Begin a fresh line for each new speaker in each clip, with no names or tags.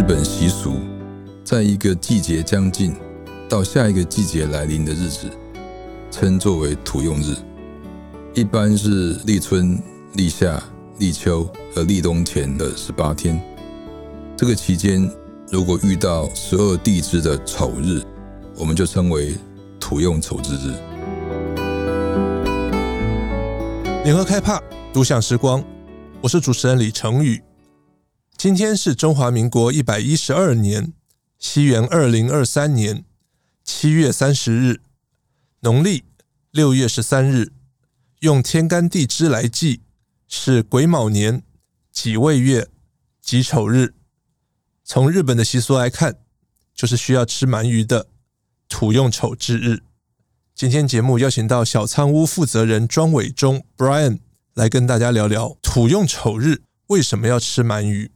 日本習俗，在一個季節將近到下一個季節來臨的日子，稱作為土用日，一般是立春、立夏、立秋和立冬前的十八天。這個期間，如果遇到十二地支的丑日，我們就稱為土用丑之日。
聯合開帕，讀饗時光，我是主持人李承宇。今天是中華民國一百一十二年，西元二零二三年七月三十日，農曆六月十三日。用天干地支來記是癸卯年己未月己丑日。從日本的習俗來看，就是需要吃鰻魚的土用丑之日。今天節目邀請到小倉屋負責人莊偉中 （Brian） 來跟大家聊聊土用丑日為什麼要吃鰻魚。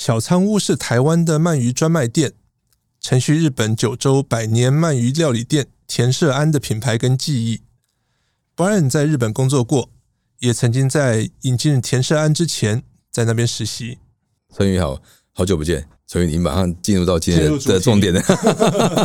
小倉屋是台灣的鰻魚專賣店，承襲日本九州百年鰻魚料理店田舍庵的品牌跟技藝。Brian 在日本工作過，也曾經在引進田舍庵之前在那邊實習。
承宇，好好久不見，承宇，你馬上進入到今天的重點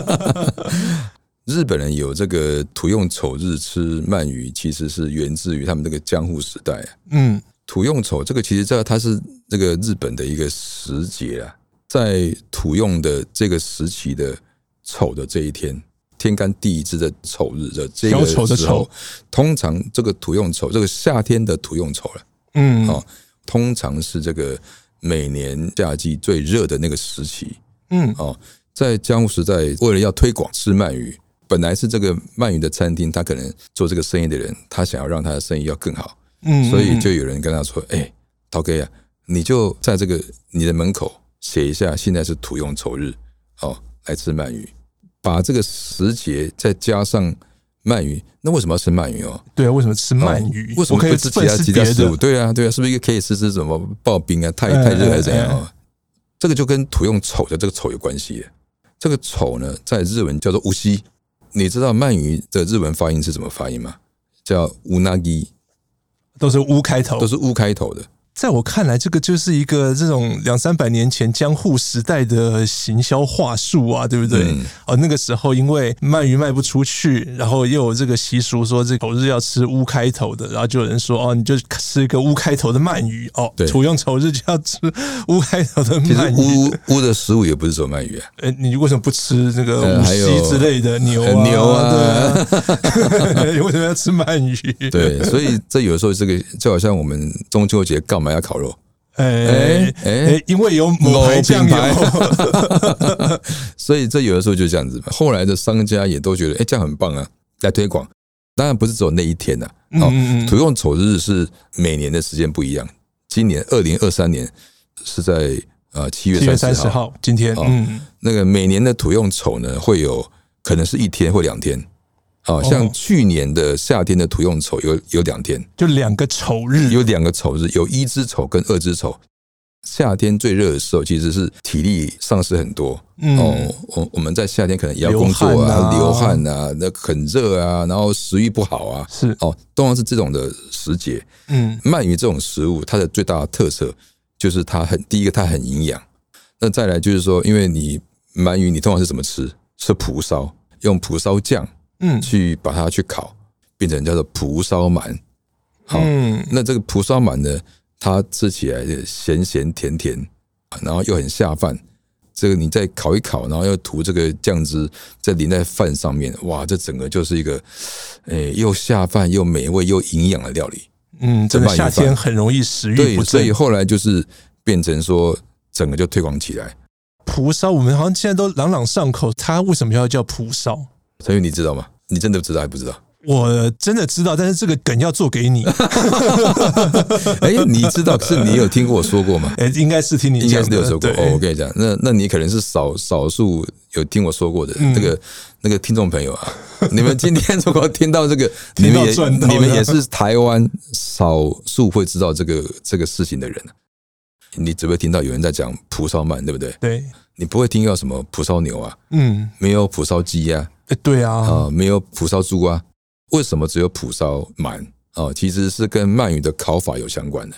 日本人有這個土用丑日吃鰻魚，其實是源自於他們這個江戶時代。嗯。土用丑，這個其實知道它是這個日本的一個時節啊，在土用的這個時期的丑的這一天，天干地支的丑日的這個時候，丑丑通常這個土用丑，這個夏天的土用丑
了，嗯，哦，
通常是這個每年夏季最熱的那個時期，嗯，哦，在江戶時代，為了要推廣吃鰻魚，本來是這個鰻魚的餐廳，他可能做這個生意的人，他想要讓他的生意要更好。嗯嗯，所以就有人跟他說：“哎、欸，濤哥呀，你就在這個你的門口寫一下，現在是土用丑日，哦，來吃鰻魚。把這個時節再加上鰻魚，那為什麼要吃鰻魚哦？
對啊，為什麼吃鰻魚、哦？為什麼可以吃其他吃其他食物？
對啊，對啊，是不是一個可以吃吃什麼刨冰啊？太太熱還是怎樣？啊、哎哎哎？這個就跟土用丑的這個丑有關係。這個丑呢，在日文叫做烏西，你知道鰻魚的日文發音是怎麼發音嗎？叫烏納基。”都是“烏”開頭，都是“烏”開頭的。
在我看來，這個就是一個這種兩三百年前江戶時代的行銷話術啊，對不對？嗯、哦，那個時候因為鰻魚賣不出去，然後又有這個習俗說這丑日要吃烏開頭的，然後就有人說哦，你就吃一個烏開頭的鰻魚哦，對，土用丑日就要吃
烏開頭的鰻魚。其實烏烏的食物也不是什麼鰻魚啊，
呃，你為什麼不吃這個烏西之類的牛啊？牛啊對啊。
為什麼要吃鰻魚？對，所以這有時候這個就好像我們中秋節幹嘛？買下烤肉。哎哎、欸，欸、因為有某品牌，盆 所以這有的時候就這樣子。後來的商家也都覺得，哎、欸，這樣很棒啊，來推廣。當然不是只有那一天吶、啊嗯哦，土用丑日是每年的時間不一樣。今年二零二三年是在呃七月三十號，今天。嗯、哦，那個每年的土用丑呢，會有可能是一天或兩天。哦，像去年的夏天的土用丑有有兩天，就兩個丑日，有兩個丑日，有一之丑跟二之丑。夏天最熱的時候，其實是體力喪失很多。嗯、哦，我我們在夏天可能也要工作啊，流汗啊，流汗啊，那很熱啊，然後食欲不好啊。是哦，通常是這種的時節。嗯，鰻魚這種食物，它的最大的特色就是它很第一個它很營養。那再來就是說，因為你鰻魚你通常是怎麼吃？吃蒲燒，用蒲燒醬。嗯，去把它去烤，變成叫做蒲燒鰻。好，嗯、那這個蒲燒鰻呢，它吃起來鹹鹹甜甜，然後又很下飯。這個你再烤一烤，然後又塗這個醬汁，再淋在飯上面，哇，這整個就是一個誒、欸、又下飯又美味又營養的料理。嗯，這夏天很容易食慾不振，所以後來就是變成說整個就推廣起來。
蒲燒我們好像現在都朗朗上口，它為什麼要叫
蒲燒？承宇，你知道嗎？你真的知道還不知道？
我真的知道，但是這個梗要做給你。
哎、 欸，你知道是？你有聽過我說過嗎？欸、應該是聽你，應該是有說過。對 哦，我跟你講，那那你可能是少少數有聽我說過的那個、嗯、那個聽眾朋友啊。你們今天如果聽到這個， 你們也賺到 你們也是台灣少數會知道這個這個事情的人、啊。 你只會聽到有人在講蒲燒鰻，對不對？對，你不會聽到什麼蒲燒牛啊，嗯，沒有蒲燒雞呀。嗯嗯
哎、欸，對啊，啊、哦，
沒有蒲燒豬啊，為什麼只有蒲燒鰻？哦，其實是跟鰻魚的烤法有相關的。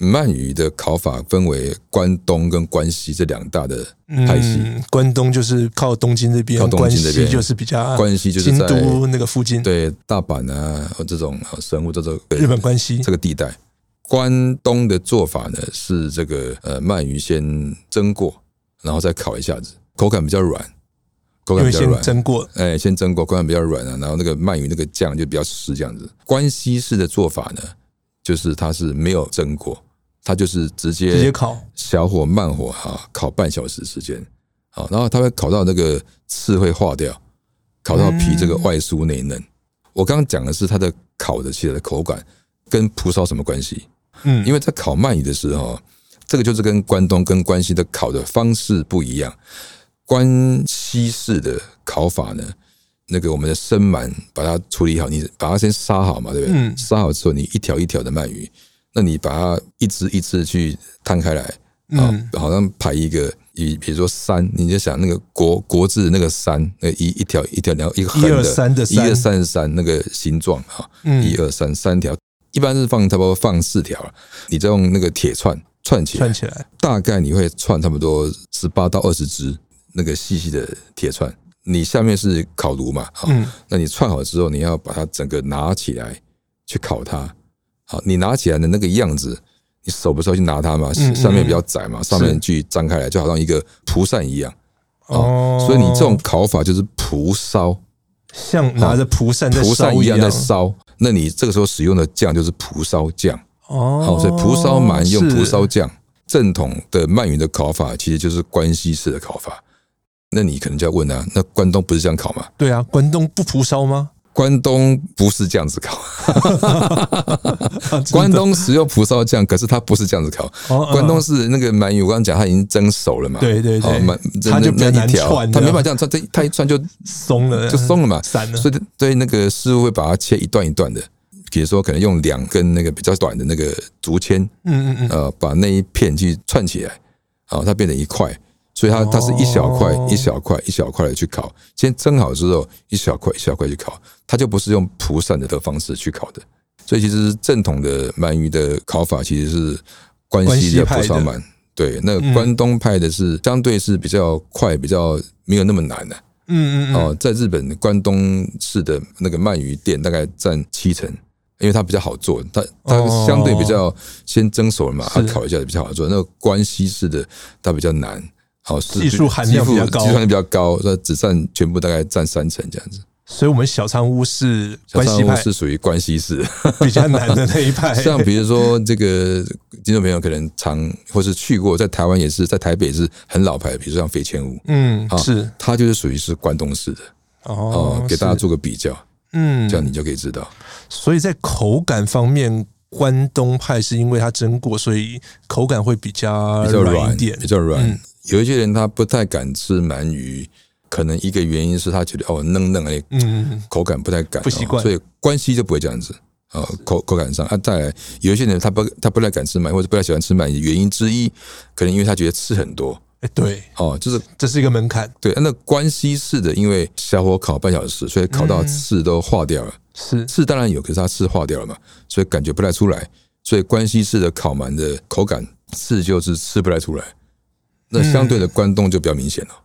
鰻魚的烤法分為關東跟關西這兩大的派系。嗯、
關東就是靠東京這邊，靠東京這邊關西就是比較關西就是在京都那個
附近。對，大阪啊，哦、這種神戶這種日本關西這個地帶。關東的做法呢是這個呃鰻魚先蒸過，然後再烤一下子，口感比較軟。口感比較軟，因為先蒸過、欸，先蒸過，口感比較軟啊。然後那個鰻魚那個醬就比較濕，這樣子。關西式的做法呢，就是它是沒有蒸過，它就是直接直接烤，小火慢火哈，啊，烤半小時時間，啊，然後它會烤到那個刺會化掉，烤到皮這個外酥內嫩。嗯，我剛剛講的是它的烤的起來的口感跟蒲燒什麼關係？
嗯，
因為在烤鰻魚的時候，這個就是跟關東跟關西的烤的方式不一樣。關西式的烤法呢？那個我們的生鰻把它處理好，你把它先殺好嘛，對不對？嗯、殺好之後，你一條一條的鰻魚，那你把它一只一只去攤開來，啊，嗯、好像排一個，比比如說三，你就想那個國國字的那個三，那個、一條一條一條然後一個橫的一、二、三的三，一、二、三三那個形狀嗯，一、二、三三條，一般是放差不多放四條，你再用那個鐵串串起來，串起來，起來大概你會串差不多十八到二十只。那個細細的鐵串，你下面是烤爐嘛？嗯，那你串好之後，你要把它整個拿起來去烤它。好，你拿起來的那個樣子，你手不是要去拿它嗎？上面比較窄嘛，上面去張開來，就好像一個蒲扇一樣。所以你這種烤法就是蒲燒，像拿着蒲扇在燒一樣在燒。那你這個時候使用的醬就是蒲燒醬哦。好，所以蒲燒鰻用蒲燒醬，正統的鰻魚的烤法其實就是關西式的烤法。那你可能就要問了、啊，那關東不是這樣烤嗎？
對啊，關東不蒲燒嗎？
關東不是這樣子烤。 啊、關東使用蒲燒醬，可是它不是這樣子烤。哦嗯、關東是那個鰻魚，我剛剛講，它已經蒸熟了嘛。對對對，哦、它就比較難串，一吧它沒辦法這樣串，它一串就鬆了，就鬆了嘛，散了。所以，所以那個師傅會把它切一段一段的，比如說可能用兩根那個比較短的那個竹籤，嗯嗯嗯，呃，把那一片去串起來，好、哦，它變成一塊。所以它它是一小塊、哦、一小塊一小塊的去烤，先蒸好之後一小塊一小塊去烤，它就不是用蒲扇的的方式去烤的。所以其實正統的鰻魚的烤法，其實是關西的蒲燒鰻。對，那個關東派的是相對是比較快，比較沒有那麼難的、啊。嗯嗯，嗯，嗯哦，在日本關東式的那個鰻魚店大概佔七成，因為它比較好做，它它相對比較先蒸熟了嘛，它、哦啊、烤一下就比較好做。是那個關西式的它比較難。好，技術含量比較高，技術含量比較高，所以只占全部大概占三成這樣子。
所以，我們小倉屋是關小倉屋是屬於關西派，比較難的那一派。像比如說
這個聽眾朋友可能常或是去過，在台灣也是在台北也是很老牌的，比如像肥前屋，嗯，是它就是屬於是關東式的哦。哦，給大家做個比較，嗯，這樣你就可以知道。所以在口
感方面，關東派是因為它蒸過，所以口感會比較比較軟一點，比較軟。
有一些人他不太敢吃鰻魚，可能一個原因是他覺得哦嫩嫩的，嗯，口感不太敢，嗯、不習慣，哦、所以關西就不會這樣子、哦、是口口感上。啊，再來有一些人他不他不太敢吃鰻，或者不太喜歡吃鰻魚，原因之一，可能因為他覺得刺很多，哎、欸，對，哦，就是這是一個門檻。對，那個、關西式的因為小火烤半小時，所以烤到刺都化掉了，嗯、是，刺當然有，可是它刺化掉了嘛，所以感覺不太出來。所以關西式的烤鰻的口感刺就是刺不太出來。那相對的關東就比較明顯了，嗯。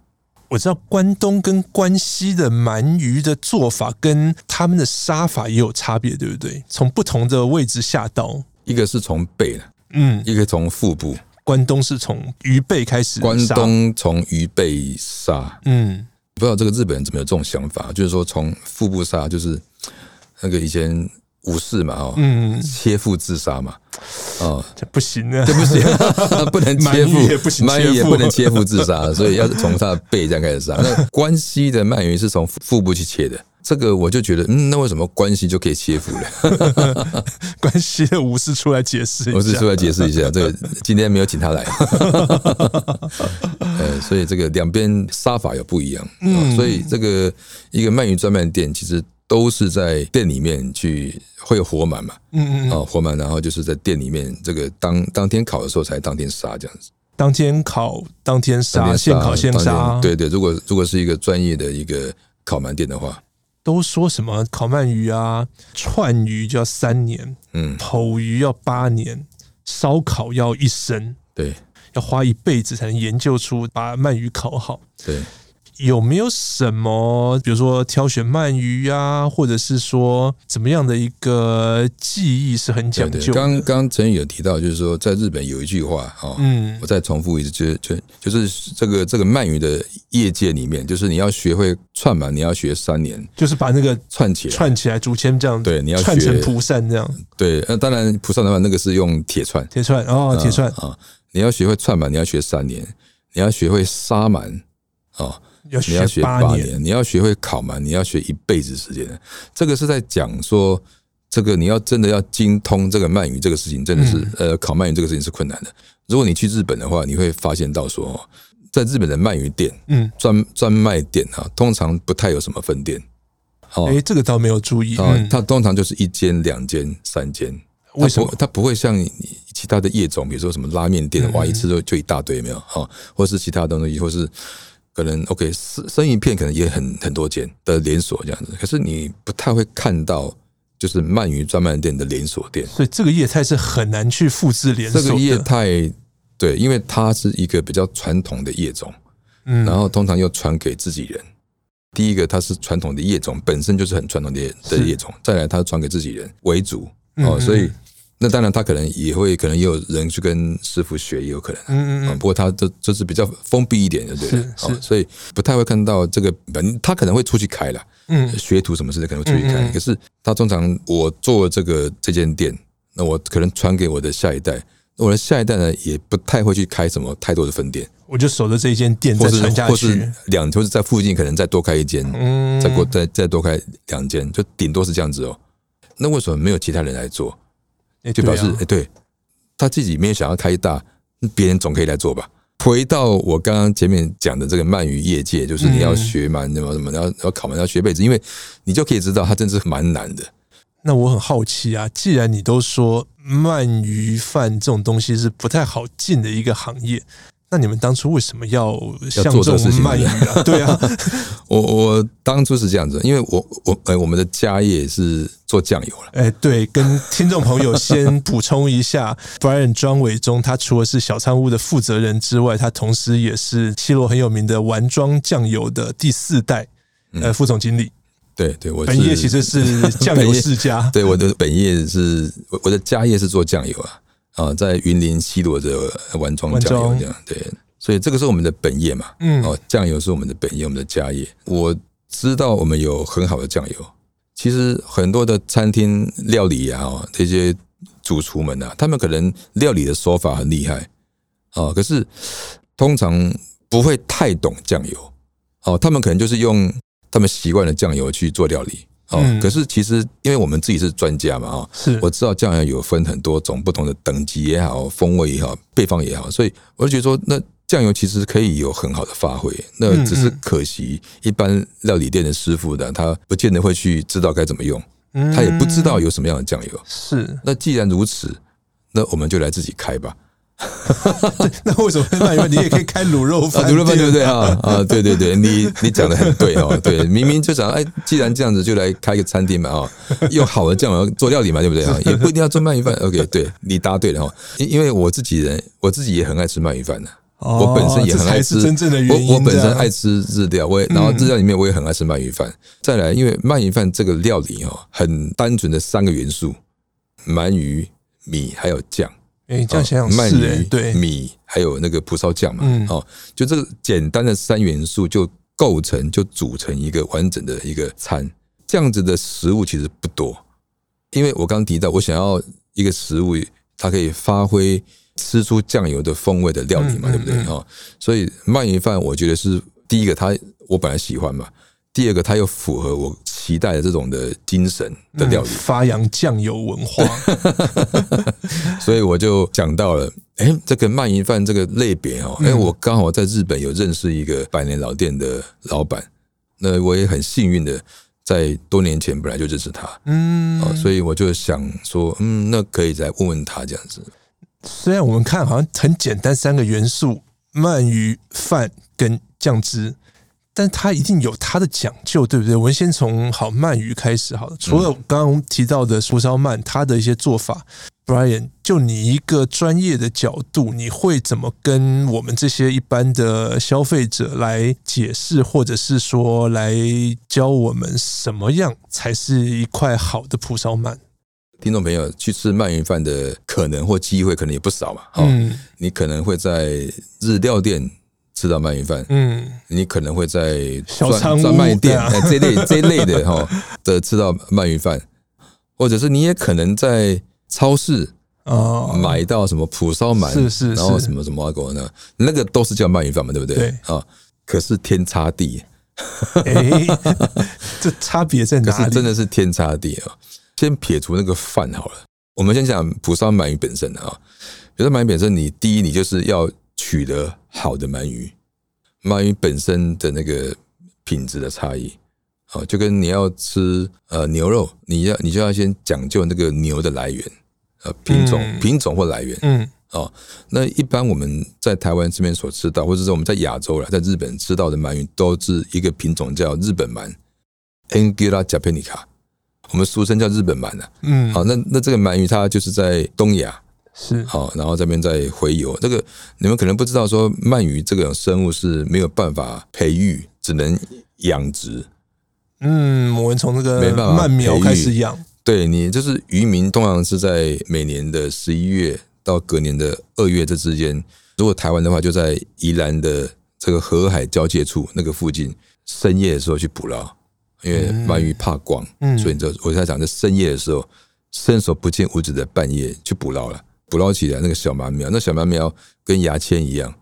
我知道關東跟關西的鰻魚的做法跟他們的殺法也有差別，對不對？從不同
的位置下刀，一個是從背，嗯，一個從腹部。
關東是從
魚背開始殺，關東從魚背殺，嗯，不知道這個日本人怎麼有這種想法，就是說從腹部殺，就是那個以前。武士嘛哦、嗯，嘛哦，切腹自殺嘛，哦，這不行啊，這不行， 不能切腹也不行，鰻魚也不能切腹自殺、啊， 所以要從他的背這樣開始殺、啊。那關西的鰻魚是從腹部去切的，這個我就覺得，嗯，那為什麼關西就可以切腹了？哈哈哈
哈關西的武士出來解釋一下，武士出來解釋一下，這
個今天沒有請他來，哈哈哈哈哈哈哈呃，所以這個兩邊殺法有不一樣、哦，嗯，所以這個一個鰻魚專賣店其實。都是在店裡面去會有活鰻嘛，嗯嗯啊、哦、活鰻。然後就是在店裡面這個當當天烤的時候才當天殺這樣子，
當天烤當天殺，現烤現殺，對
對。如果，如果是一個專業的一個烤鰻店的話，
都說什麼烤鰻魚啊，串魚就要三年，嗯，剖魚要八年，燒烤要一生。對，要花一輩子才能研究出把鰻魚烤好，對。有沒有什麼，比如說挑選鰻魚啊，或者是說怎麼樣的一個技藝是很講究的？剛
剛承宇有提到，就是說在日本有一句話、哦、嗯，我再重複一次，就就就是這個這個鰻魚的業界裡面，就是你要學會串鰻，你要學三年，就是把那個串起來，串起來竹籤這樣，對，你要學串成蒲燒這樣，對，那當然蒲燒的話，那個是用鐵串，
鐵串哦，鐵串啊、
哦，你要學會串鰻，你要學三年，你要學會殺鰻哦。要你要學八年，你要學會烤嘛？你要學一輩子時間。這個是在講說，這個你要真的要精通這個鰻魚這個事情，真的是呃，烤鰻魚這個事情是困難的。如果你去日本的話，你會發現到說，在日本的鰻魚店，嗯，專專賣店啊，通常不太有什麼分店。哦，誒，
這個倒沒有注
意。嗯，它通常就是一間、兩間、三間。為什麼？它不會像其他的業種，比如說什麼拉麵店，哇，一次就就一大堆有沒有啊、哦，或是其他東西，或是。可能 OK，生魚片可能也很很多間的連鎖這樣子，可是你不太會看到就是鰻魚專賣店的連鎖店。
所以這個業態是很難去複製連鎖。這個業
態對，因為它是一個比較傳統的業種，嗯，然後通常又傳給自己人。第一個，它是傳統的業種，本身就是很傳統的的業種；是再來，它傳給自己人為主，嗯嗯嗯哦，所以。那當然，他可能也會，可能也有人去跟師傅學，也有可能、啊。嗯嗯，嗯不過他這這、就是比較封閉一點的，對是是、哦。是所以不太會看到這個，他可能會出去開了。嗯學徒什麼事的可能會出去開，嗯嗯可是他通常我做這個這間店，那我可能傳給我的下一代，我的下一代呢也不太會去開什麼太多的分店。
我就守着這一間店在傳下去或是
兩，就是，是在附近可能再多開一間。嗯再。再過再再多開兩間，就頂多是這樣子哦。那為什麼沒有其他人來做？欸、就表示，誒、啊欸，對，他自己沒有想要開大，別人總可以來做吧。回到我剛剛前面講的這個鰻魚業界，就是你要學鰻什麼什麼，要要、嗯、考鰻要學被子，因為你就可以知道，它真的是蠻難的。
那我很好奇啊，既然你都說鰻魚飯這種東西是不太好進的一個行業。那你們當初為什麼要,向人、啊、要做這賣事啊？對啊 我，
我我當初是這樣子，因為我我我們的家業是做醬油
了。哎，對，跟聽眾朋友先補充一下 ，Brian 莊偉中他除了是小倉屋的負責人之外，他同時也是西螺很有名的丸莊醬油的第四代、嗯、呃副總經理。
對對，我本業其實是醬油世家， 對我的本業是我我的家業是做醬油啊。啊、哦，在雲林西螺的丸莊醬油這樣中對，所以這個是我們的本業嘛。嗯，哦，醬油是我們的本業，我們的家業。我知道我們有很好的醬油，其實很多的餐廳料理啊，哦、這些主廚們啊，他們可能料理的手法很厲害啊、哦，可是通常不會太懂醬油哦，他們可能就是用他們習慣的醬油去做料理。哦，嗯、可是其實，因為我們自己是專家嘛、哦，啊，是，我知道醬油有分很多種，不同的等級也好，風味也好，配方也好，所以我就覺得說，那醬油其實可以有很好的發揮，那只是可惜，一般料理店的師傅呢，嗯嗯，他不見得會去知道該怎麼用，他也不知道有什麼樣的醬油。是，那既然如此，那我們就來自己開吧。 那為什麼鰻
魚飯你也可以開滷肉飯？滷、啊、肉飯對不對啊？
啊，對對對，你你講的很對哦。對，明明就想，哎，既然這樣子，就來開個餐廳嘛，啊、哦，用好的醬料做料理嘛，對不對啊？也不一定要做鰻魚飯。OK，對，你答對了哦。因因為我自己人，我自己也很愛吃鰻魚飯的、啊。哦、我本身也很愛吃真正的原因，我我本身愛吃日料，我也然後日料裡面我也很愛吃鰻魚飯。嗯、再來，因為鰻魚飯這個料理哦，很單純的三個元素：鰻魚、米還有醬。哎、欸，這樣想想是，哎、哦、對，米還有那個蒲燒醬嘛，嗯、哦，就這個簡單的三元素就構成，就組成一個完整的一個餐。這樣子的食物其實不多，因為我剛剛提到，我想要一個食物，它可以發揮吃出醬油的風味的料理嘛，嗯、對不對？哦、嗯，嗯、所以鰻魚飯我覺得是第一個，它我本來喜歡嘛，第二個它又符合我。期待的這種的精神
的料理，嗯，發揚醬油文化，
所以我就講到了，哎、欸，這個鰻魚飯這個類別哦，哎、欸，嗯、我剛好在日本有認識一個百年老店的老闆，那我也很幸運的在多年前本來就認識他，嗯，所以我就想說，嗯，那可以再問問他這樣子。
雖然我們看
好像很簡單，三個元素：
鰻魚、飯、跟醬汁。但它一定有它的講究，對不對？我們先從好鰻魚開始好了，除了剛剛提到的蒲燒鰻，它的一些做法，嗯，Brian，就你一個專業的角度，你會怎麼跟我們這些一般的消費者來解釋，或者是說來教我們什麼樣才是一塊好的蒲燒鰻？
聽眾朋友，去吃鰻魚飯的可能或機會可能也不少吧？嗯，你可能會在日料店。吃到鰻魚飯，嗯，你可能會在專專賣店、啊、這類 這類的哈、哦、的吃到鰻魚飯，或者是你也可能在超市哦買到什麼蒲燒鰻，然後什麼什麼、那個，是是那個都是叫鰻魚飯嘛，對不對？對啊，可是天差地，哎、欸， 這差別在哪？是真的是天差地啊、哦！先撇除那個飯好了，我們先講蒲燒鰻魚本身啊，比如說鰻魚本身，你第一你就是要取得。好的鰻魚，鰻魚本身的那個品質的差異，哦，就跟你要吃呃牛肉，你要你就要先講究那個牛的來源，呃品種、嗯、品種或來源，嗯，哦，那一般我們在台灣這邊所吃到，或者說我們在亞洲啦，在日本吃到的鰻魚，都是一個品種叫日本鰻，Anguilla japonica，我們俗稱叫日本鰻啊，嗯，好、哦，那那這個鰻魚它就是在東亞。是好，然後這邊再回游。這個你們可能不知道，說鰻魚這個生物是沒有辦法培育，只能養殖。
嗯，我們從那個鰻苗開始養。
對，你就是漁民通常是在每年的十一月到隔年的二月這之間，如果台灣的話，就在宜蘭的這個河海交界處那個附近，深夜的時候去捕撈，因為鰻魚怕光，嗯，嗯，所以就我在想，在深夜的時候，伸手不見五指的半夜去捕撈了。捕撈起來那個小鰻苗，那小鰻苗跟牙籤一樣，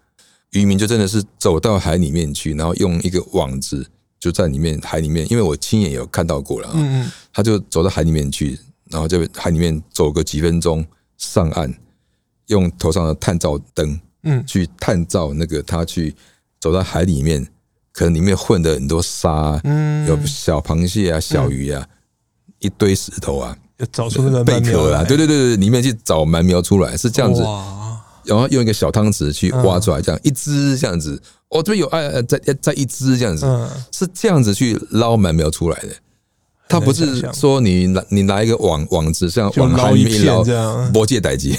漁民就真的是走到海裡面去，然後用一個網子就在裡面海裡面，因為我親眼有看到過了啊、哦，他就走到海裡面去，然後就海裡面走個幾分鐘，上岸用頭上的探照燈，嗯，去探照那個他去走到海裡面，可能裡面混的很多沙，有小螃蟹啊、小魚啊，一堆石頭啊。找出那個貝殼啦，對對對，裡面去找鰻苗出來，是這樣子，哇然後用一個小湯匙去挖出來，這樣、嗯、一隻這樣子，哦，這邊有啊，在在一隻這樣子，是這樣子去撈鰻苗出來的、哦，他不是說你拿你拿一個網網子這樣網海這樣摩羯逮雞，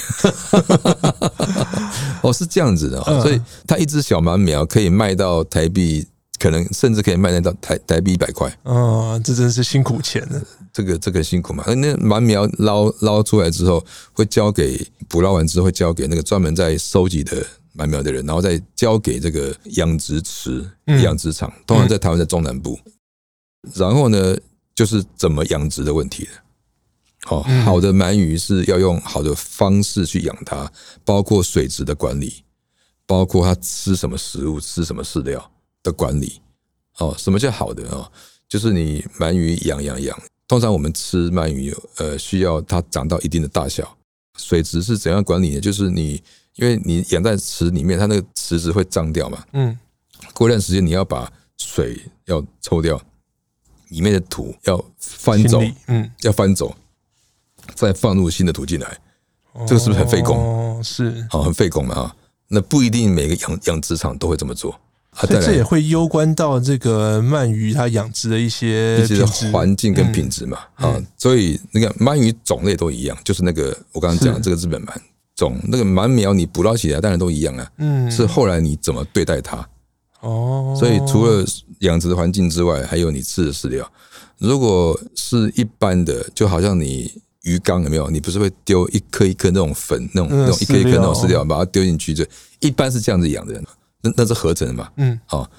哦是這樣子的，所以他一隻小鰻苗可以賣到台幣。可能甚至可以賣得到台台幣一百塊
啊！這真的是辛苦錢了。
這個這個辛苦嘛？那鰻苗撈撈出來之後，會交給捕撈完之後會交給那個專門在收集的鰻苗的人，然後再交給這個養殖池，養殖場。嗯、通常在台灣的中南部。嗯、然後呢，就是怎麼養殖的問題了。好、哦、好的鰻魚是要用好的方式去養它，包括水質的管理，包括它吃什麼食物，吃什麼飼料。的管理哦，什麼叫好的啊？就是你鰻魚養養養，通常我們吃鰻魚，呃，需要它長到一定的大小。水質是怎樣管理呢？就是你因為你養在池裡面，它那個池子會髒掉嘛。嗯。過一段時間，你要把水要抽掉，裡面的土要翻走，嗯，要翻走，再放入新的土進來。哦，這個是不是很費工？是，好，哦，很費工嘛。那不一定每個養養殖場都會這麼做。啊、所以這也
會攸關到這個鰻魚它養殖的一些環境跟品質
嘛，嗯嗯、啊，所以那個鰻魚種類都一樣，就是那個我剛剛講的這個日本鰻是種，那個鰻苗你捕撈起來當然都一樣啊，嗯，是後來你怎麼對待它哦，所以除了養殖的環境之外，還有你吃的飼料，如果是一般的，就好像你魚缸有沒有，你不是會丟一顆一顆那種粉那種，嗯、那種一顆一顆那種飼料，把它丟進去，這一般是這樣子養的人。那那是合成的嘛？嗯，啊、哦，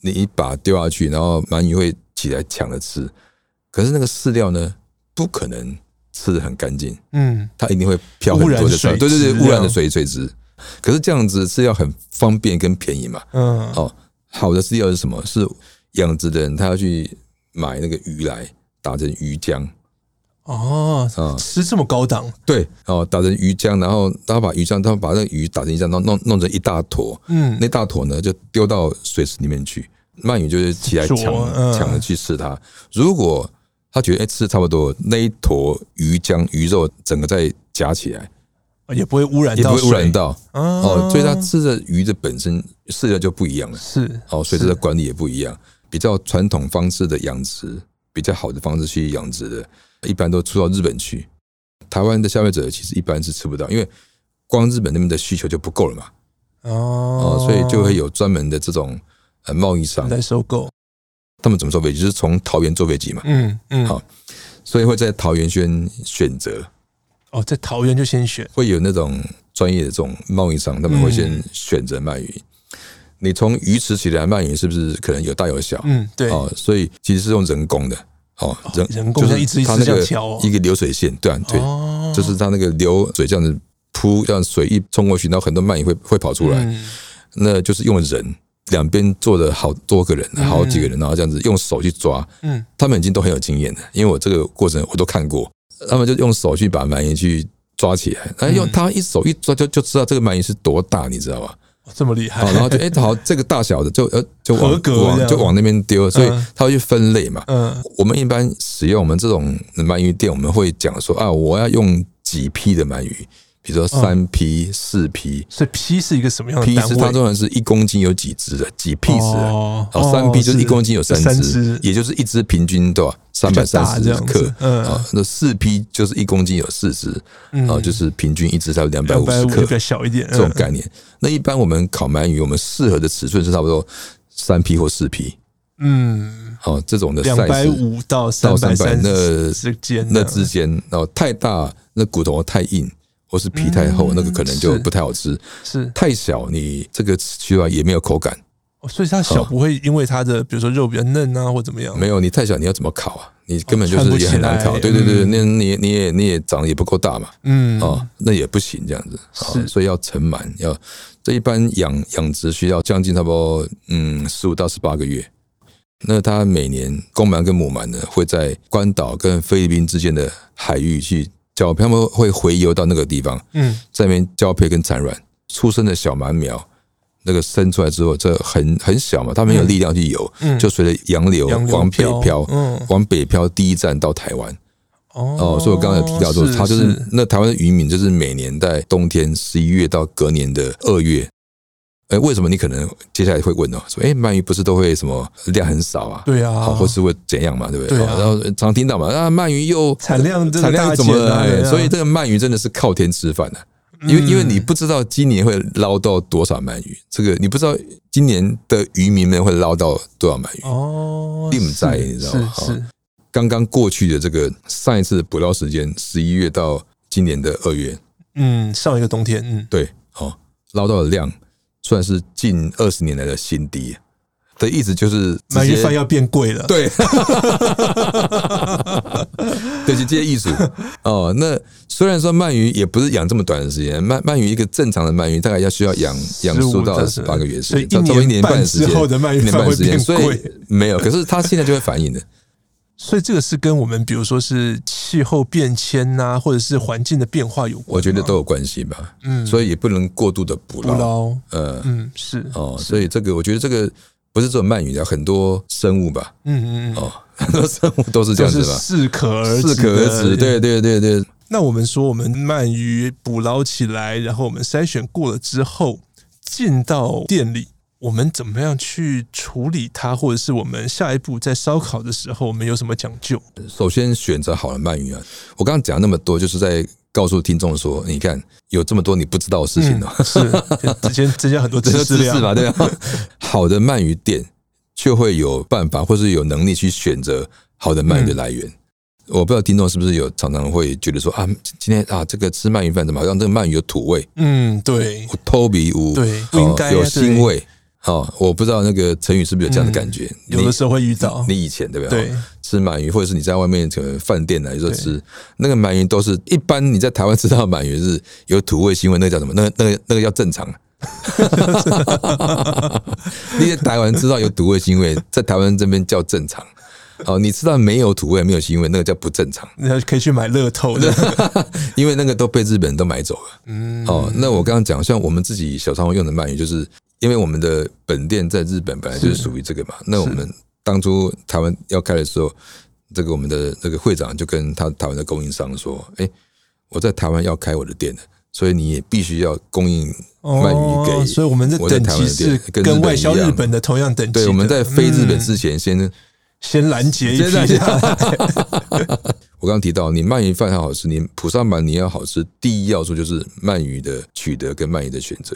你一把丟下去，然後鰻魚會起來搶着吃。可是那個飼料呢，不可能吃的很乾淨。嗯，它一定會漂很多的水。對對對，污染的水水質。可是這樣子是要很方便跟便宜嘛？嗯，哦，好的飼料是什麼？是養殖的人他要去買那個魚來打成魚漿。哦啊，吃這麼高檔？嗯。對，哦，打成魚漿，然後他把魚漿，他把那個魚打成魚漿，張弄弄弄成一大坨，嗯，那大坨呢就丟到水池裡面去，鰻魚就是起來搶、呃、搶着去吃它。如果他覺得哎、欸、吃差不多，那一坨魚漿魚肉整個再夾起來，
也不會污染到，也不會污染到，啊、哦，所以它
吃的魚的本身飼料就不一樣了，是哦，所以這個的管理也不一樣，是比較傳統方式的養殖，比較好的方式去養殖的。一般都出到日本去，台灣的消費者其實一般是吃不到，因為光日本那邊的需求就不夠了嘛。哦，哦，所以就會有專門的這種呃貿易商來收購。他們怎麼收購？就是從桃園坐飛機嘛。嗯嗯。好，嗯哦，所以會在桃園先選擇。哦，在桃園就先選。會有那種專業的這種貿易商，他們會先選擇鰻魚。嗯，你從魚池起來鰻魚是不是可能有大有小？嗯，對。哦，所以其實是用人工的。哦，人就是他那個一隻一隻這敲，哦、一個流水線，對啊，對，哦、就是它那個流水這樣子撲，這樣水一沖過去，然後很多鰻魚會會跑出來，嗯、那就是用人兩邊坐着好多個人，好幾個人，然後這樣子用手去抓，嗯，他們已經都很有經驗了，因為我這個過程我都看過，他們就用手去把鰻魚去抓起來，然後用他一手一抓就就知道這個鰻魚是多大，你知道吧？這麼厲害，然後就哎、欸，好，這個大小的就呃就往，往，就往那邊丟，所以他會去分類嘛。嗯。我們一般使用我們這種鰻魚店，我們會講說啊，我要用幾批的鰻魚。比如說，三批、四批，所以 P 是一個什麼樣的單位？P 是它通常是一公斤有幾隻的幾批是？哦，三批就是一公斤有隻三隻，也就是一隻平均對吧？三百三十克。嗯，啊、哦，那四批就是一公斤有四隻，啊、嗯，就是平均一隻才有兩百五十克，比較小一點、嗯、這種概念。那一般我們烤鰻魚，我們適合的尺寸是差不多三批或四批，嗯，好、哦，這種的兩百五到三百三那之間，那之間然後太大，那骨頭太硬。或是皮太厚，嗯、那個可能就不太好吃。是、是太小，你這個吃起來也沒有口感。
哦，所以它小不會因為它的，哦、比如說肉比較嫩啊，或怎麼樣？沒
有，你太小，你要怎麼烤啊？你根本就是也很難烤。對、哦、對對對，那你、嗯、你也你也，你也長得也不夠大嘛。嗯，哦，那也不行這樣子。是、哦，所以要成鰻，要這一般養養殖需要將近差不多嗯十五到十八個月。那它每年公鰻跟母鰻呢，會在關島跟菲律賓之間的海域去。他們會回游到那個地方，嗯，在那邊交配跟產卵，出生的小鰻苗，那個生出來之後，這很很小嘛，它沒有力量去游、嗯，嗯，就隨着洋流往北漂，嗯、往北漂第一站到台灣。哦，哦，所以我剛才提到說，是是它，就是那台灣的漁民就是每年在冬天十一月到隔年的二月。為什麼你可能接下來會問呢？說、欸，哎，鰻魚不是都會什麼量很少啊？對啊，好，或是會怎樣嘛？對不對、啊？然後常聽到嘛，啊，鰻魚又產量產量又怎麼、欸？對啊、所以這個鰻魚真的是靠天吃飯的、啊，因為、嗯、因為你不知道今年會撈到多少鰻魚，這個你不知道今年的漁民們會撈到多少鰻魚哦。並不在意，你知道嗎？是是，剛剛過去的這個上一次的捕撈時間，十一月到今年的二月，嗯，
上一個冬天，嗯，
對，好、哦，撈到的量。算是近二十年來的新低，的意思就是鰻魚飯要變
貴了。對，
對，對，就這些意思哦。那雖然說鰻魚也不是養這麼短的時間，鰻鰻魚一個正常的鰻魚大概要需要養養熟到十八個月時間，到一年半時之後的鰻魚飯會變貴。所以沒有，可是它現在就會反映的。
所以這個是跟我們，比如說是氣候變遷吶、啊，或者是環境的變化
有關，我覺得都有關係吧。嗯，所以也不能過度的捕撈。捕撈呃、嗯嗯是哦，是所以這個我覺得這個不是只有鰻魚啊，很多生物吧。嗯嗯哦，很多生物都是這樣子吧，適、就是就是、可而適可而止。對對對對。
那我們說，我們鰻魚捕撈起來，然後我們篩選過了之後，進到店裡。我們怎麼樣去處理它，或者是我們下一步在燒烤的時候，我們有什麼講
究？首先選擇好的鰻魚啊！我剛剛講那麼多，就是在告訴聽眾說，你看有這麼多你不知道的事情呢、哦嗯，是
之前增加很多知識是吧？對啊。
好的鰻魚店卻會有辦法，或是有能力去選擇好的鰻魚的來源。嗯、我不知道聽眾是不是有常常會覺得說，啊，今天啊，這個吃鰻魚飯怎麼讓這個鰻魚有土味？嗯，對，有土味有對，應該有腥味。哦，我不知道那個承宇是不是有這樣的感覺。嗯、你有的時候會遇到。你以前對不對？吃鰻魚，或者是你在外面可能飯店來有時候吃對那個鰻魚都是一般。你在台灣吃到的鰻魚是有土味腥味，那個叫什麼？那個、那個、那個叫正常。那些 台灣知道有土味腥味，在台灣這邊叫正常。哦，你吃到沒有土味沒有腥味，那個叫不正常。
那可以去買樂透，的，
因為那個都被日本人都買走了。嗯、哦。那我剛剛講，像我們自己小倉屋用的鰻魚，就是。因為我們的本店在日本本來就屬於這個嘛，是 那我們當初台灣要開的時候，這個我們的這個會長就跟他台灣的供應商說：“哎，我在台灣要開我的店的，所以你也必須要供應鰻魚給。”所以我們在台灣的店跟外銷日本的同樣等級。對，我們在飛日本之前先、嗯、先攔截一下。 我剛提到，你鰻魚飯很好，好吃，你蒲燒鰻你要好吃，第一要素就是鰻魚的取得跟鰻魚的選擇。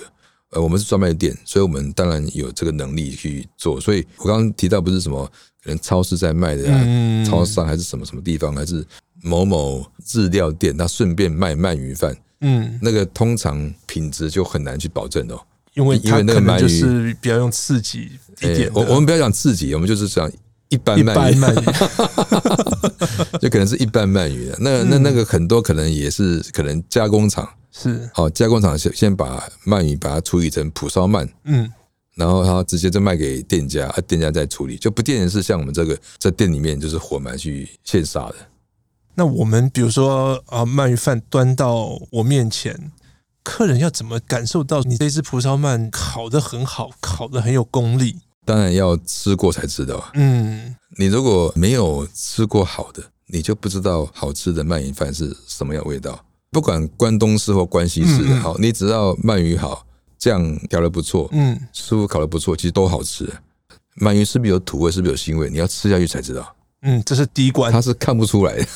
呃，我們是專賣店，所以我們當然有這個能力去做。所以我剛剛提到不是什麼可能超市在賣的、啊，嗯，超商還是什麼什麼地方，還是某某日料店，它順便賣鰻魚飯，嗯，那個通常品質就很難去保證哦，因為因為那個鰻魚就是
比較用刺激一點、欸，我我們
不要講刺激，我們就是講一般鰻魚，就可能是一般鰻魚的，那那那個很多可能也是可能加工廠。是，好，加工廠先先把鰻魚把它處理成蒲燒鰻，嗯，然後它直接就賣給店家，啊，店家再處理，就不見得是像我們這個在店裡面就是活鰻去現殺的。
那我們比如說啊，鰻魚飯端到我面前，客人要怎麼感受到你這隻蒲燒鰻烤得很好，
烤得很有功力？當然要吃過才知道。嗯，你如果沒有吃過好的，你就不知道好吃的鰻魚飯是什麼樣的味道。不管關東式或關西式，好，你只要鰻魚好，醬調的不錯，嗯，師傅烤的不錯，其實都好吃。鰻魚是不是有土味？是不是有腥味？你要吃下去才知道。嗯，這是第一關，它是看不出來的，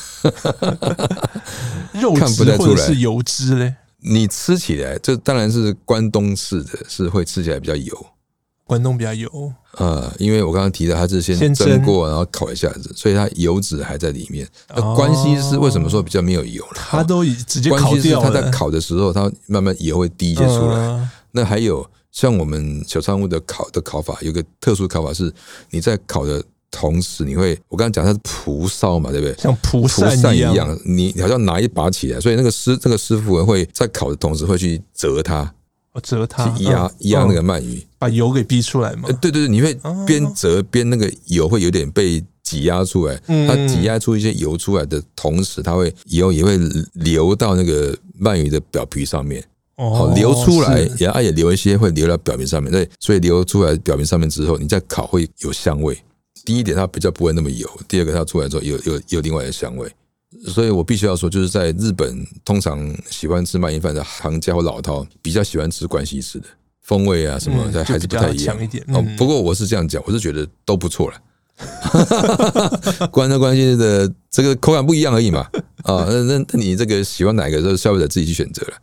肉質或者是油脂呢。你吃起來，這當然是關東式的，是會吃起來比較油。弄比較油呃，因為我剛剛提到它是先蒸過，生然後烤一下子，所以它油脂還在裡面。哦、那關西是為什麼說比較沒有油它、哦、都直接烤掉了。關西是它在烤的時候，它慢慢油會滴一些出來。嗯啊、那還有像我們小倉屋的烤的烤法，有個特殊烤法是，你在烤的同時，你會我剛剛講它是蒲燒嘛，對不對？像蒲蒲扇一樣，你好像拿一把起來，所以那個師這、那個師傅會在烤的同時會去折它。
我折它，壓壓壓、啊、那個鰻魚、哦，把油
給逼出來嘛。對、欸、對對，你會邊折邊那個油會有點被擠壓出來，哦、它擠壓出一些油出來的同時，嗯、它會油也會流到那個鰻魚的表皮上面，哦，哦，流出來，然後也流一些會流到表皮上面。是所以所以流出來表皮上面之後，你再烤會有香味。第一點它比較不會那麼油，第二個它出來之後有有有另外的香味。所以我必須要說，就是在日本，通常喜歡吃鰻魚飯的行家或老饕，比較喜歡吃關西式的風味啊什麼，還是不太一樣，嗯、比較強一點、哦。不過我是這樣講，我是覺得都不錯了， 關東關西的這個口感不一樣而已嘛。啊、哦，那那你這個喜歡哪個，就是消費者自己去選擇了。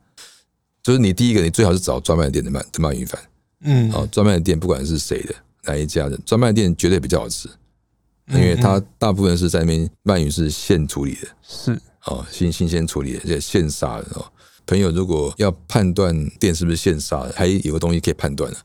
就是你第一個，你最好是找專賣店的鰻，的鰻魚飯。嗯、啊、哦，專賣店不管是誰的哪一家的專賣店，絕對比較好吃。因為它大部分是在那邊鰻魚是現處理的，是哦，新新鮮處理的，而且現殺的哦。朋友如果要判斷店是不是現殺的，還有個東西可以判斷的、啊，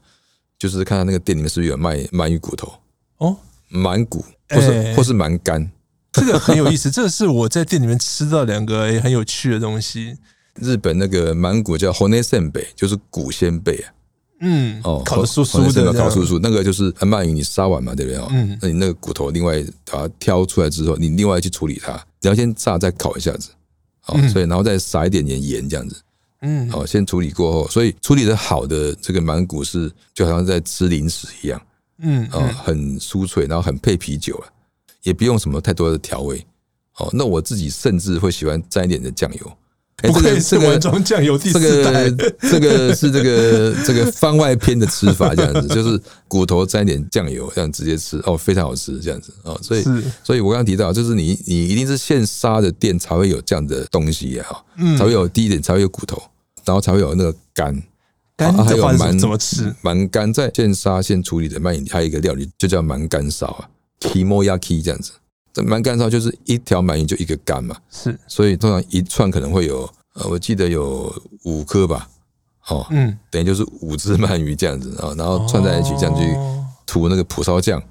就是看他那個店裡面是不是有賣鰻魚骨頭哦，鰻骨或是、欸、或是鰻肝，這個很有意思。
這是我在店裡面吃到兩個很有趣的東西。
日本那個鰻骨叫 Hone Senbei，就是骨仙貝。嗯，哦，烤的酥酥的，烤酥酥，那個就是鰻魚，你殺完嘛，這邊哦，對不對？嗯、那你那個骨頭，另外把它挑出來之後，你另外去處理它，然後先炸，再烤一下子，哦，嗯、所以然後再撒一點點鹽這樣子，嗯，哦，先處理過後，所以處理的好的這個鰻骨是就好像在吃零食一樣，嗯，哦，很酥脆，然後很配啤酒啊，也不用什麼太多的調味，哦，那我自己甚至會喜歡沾一點的醬油。不可以吃完哎，這個是碗中醬油。這個這個是這個這個番外篇的吃法，這樣子就是骨頭沾一點醬油，這樣直接吃，哦，非常好吃，這樣子哦，所以，是所以我剛剛提到，就是你你一定是現殺的店才會有這樣的東西、啊、嗯才會有第一點，才會有骨頭，然後才會有那個肝。肝、啊，還有鰻怎麼吃鰻肝，在現殺現處理的鰻魚，還有一個料理就叫鰻肝燒啊，Kimoyaki 這樣子。這鰻干燒就是一條鰻魚就一個干嘛，是，所以通常一串可能會有，呃，我記得有五顆吧，哦，嗯，等於就是五隻鰻魚這樣子啊、哦，然後串在一起這樣去塗那個蒲燒醬，啊、